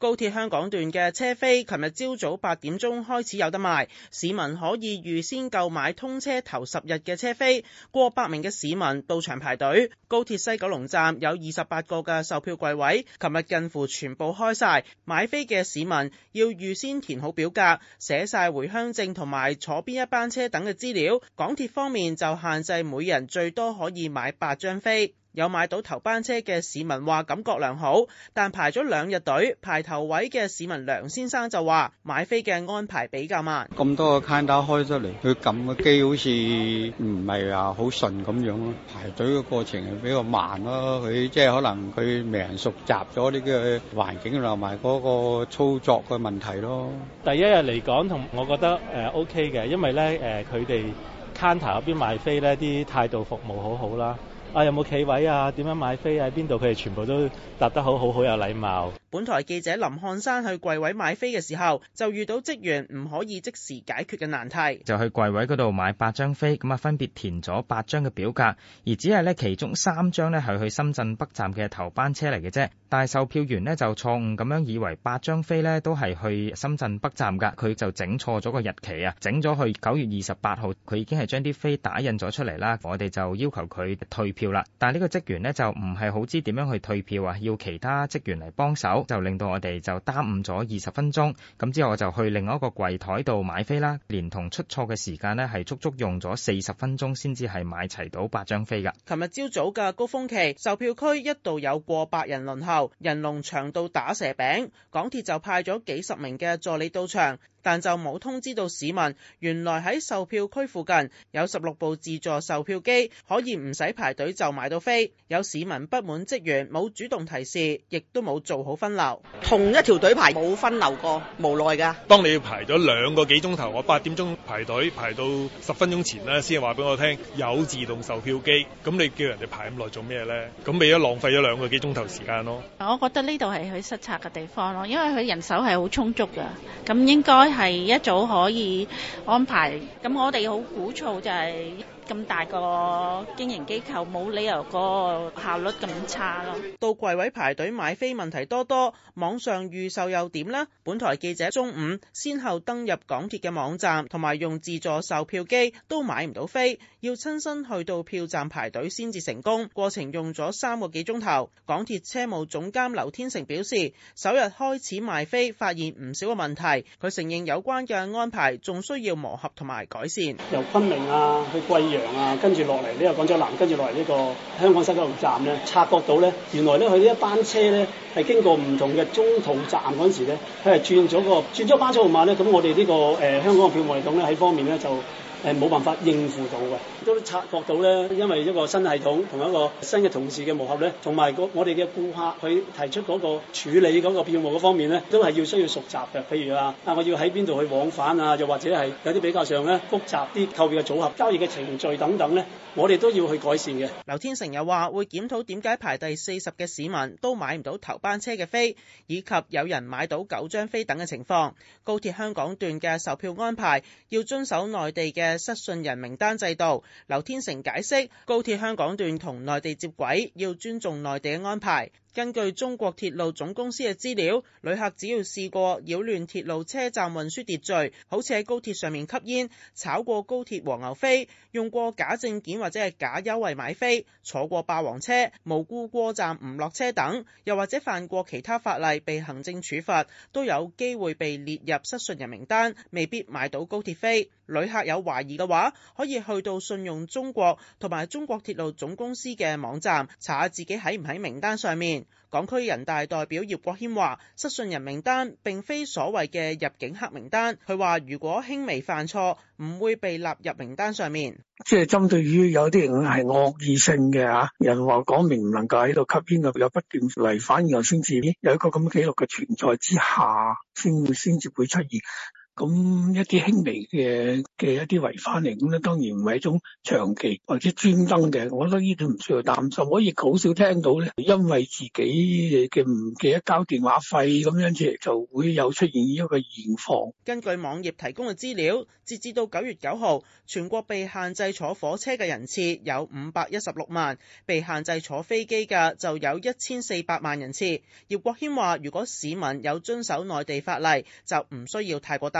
高鐵香港段嘅車飛，琴日朝早八點鐘開始有得賣，市民可以預先購買通車頭十日嘅車飛。過百名嘅市民到場排隊，高鐵西九龍站有二十八個嘅售票櫃位，琴日近乎全部開晒。買飛嘅市民要預先填好表格，寫晒回鄉證同埋坐邊一班車等嘅資料。港鐵方面就限制每人最多可以買八張飛。有買到頭班車嘅市民話感覺良好，但排咗兩日隊。排頭位嘅市民梁先生就話買飛嘅安排比較慢。咁多個 counter 開出嚟，佢撳個機好似唔係話好順咁樣咯。排隊嘅過程係比較慢咯。佢即係可能佢未人熟習咗呢個環境同埋嗰個操作嘅問題咯。第一日嚟講，同我覺得誒 OK 嘅，因為咧誒佢哋 counter 入邊買飛咧，啲態度服務好好啦。啊！有冇企位啊？點樣買飛啊？邊度？佢哋全部都答得好好好有禮貌。本台記者林漢山去櫃位買飛嘅時候，就遇到職員唔可以即時解決嘅難題，就去櫃位嗰度買八張飛，咁啊分別填咗八張嘅表格，而只係咧其中三張咧係去深圳北站嘅頭班車嚟嘅啫。但係售票員咧就錯誤咁樣以為八張飛咧都係去深圳北站噶，佢就整錯咗個日期啊，整咗去九月二十八號，佢已經係將啲飛打印咗出嚟啦，我哋就要求佢退票啦。但係呢個職員咧就唔係好知點樣去退票啊，要其他職員嚟幫手。就令到我哋就耽誤咗二十分鐘，咁之後我就去另外一個櫃台度買飛啦，連同出錯嘅時間呢，係足足用咗四十分鐘先至係買齊到八張飛噶。琴日朝早嘅高峰期，售票區一度有過百人輪候，人龍長到打蛇餅，港鐵就派咗幾十名嘅助理到場。但就冇通知到市民，原來喺售票區附近有十六部自助售票機，可以唔使排隊就買到飛。有市民不滿職員冇主動提示，亦都冇做好分流。同一條隊排冇分流過，無奈㗎。當你要排咗兩個幾鐘頭，我八點鐘排隊排到十分鐘前呢，先話俾我聽有自動售票機。咁你叫人哋排咁耐做咩呢？咁咪一浪費咗兩個幾鐘頭時間咯。我覺得呢度係佢失策嘅地方咯，因為佢人手係好充足㗎。咁應該。係一早可以安排，咁我哋好鼓噪就係、是。咁大個經營機構，冇理由個效率咁差咯。到櫃位排隊買飛問題多多，網上預售又點呢？本台記者中午先後登入港鐵嘅網站同埋用自助售票機，都買唔到飛，要親身去到票站排隊先至成功。過程用咗三個幾鐘頭。港鐵車務總監劉天成表示，首日開始賣飛，發現唔少嘅問題。佢承認有關嘅安排仲需要磨合同埋改善。由昆明啊，去貴陽。啊！跟住落嚟呢個廣州南，跟住落嚟呢個香港西九龍站咧，察覺到咧，原來咧佢呢一班車咧係經過唔同嘅中途站嗰陣時咧，佢係轉咗個轉咗班車號碼咧，咁我哋呢、這個誒、呃、香港嘅票務系統咧喺方面咧就誒冇、呃、辦法應付到嘅。都察覺到咧，因為一個新系統同一個新嘅同事嘅磨合咧，同埋我哋嘅顧客佢提出嗰個處理嗰個票務嗰方面咧，都係要需要熟習嘅。譬如啊，啊我要喺邊度去往返啊，又或者係有啲比較上咧複雜啲購票嘅組合、交易嘅程序等等咧，我哋都要去改善嘅。劉天成又話：會檢討點解排第四十嘅市民都買唔到頭班車嘅飛，以及有人買到九張飛等嘅情況。高鐵香港段嘅售票安排要遵守內地嘅失信人名單制度。劉天成解釋，高鐵香港段同內地接軌，要尊重內地嘅安排。根據中國鐵路總公司嘅資料，旅客只要試過擾亂鐵路車站運輸秩序，好似喺高鐵上面吸煙、炒過高鐵黃牛飛、用過假證件或者係假優惠買飛、坐過霸王車、無故過站唔落車等，又或者犯過其他法例被行政處罰，都有機會被列入失信人名單，未必買到高鐵飛。旅客有懷疑嘅話，可以去到信用中國同埋中國鐵路總公司嘅網站查下自己喺唔喺名單上面。港區人大代表葉國謙話：失信人名單並非所謂嘅入境黑名單。佢話：如果輕微犯錯，唔會被納入名單上面。即係針對於有啲人係惡意性嘅人，話講明唔能夠喺度吸煙嘅，有不斷嚟反而又先至有一個咁記錄嘅存在之下，先會先至會出現。咁一啲輕微嘅嘅一啲違法嚟，咁咧當然唔係一種長期或者專登嘅，我覺得呢啲唔需要擔心。可以好少聽到咧，因為自己嘅唔記得交電話費咁樣，就就會有出現呢一個現況。根據網頁提供嘅資料，截至到九月九號，全國被限制坐火車嘅人次有五百一十六萬，被限制坐飛機嘅就有一千四百萬人次。葉國謙話，如果市民有遵守內地法例，就唔需要太過擔。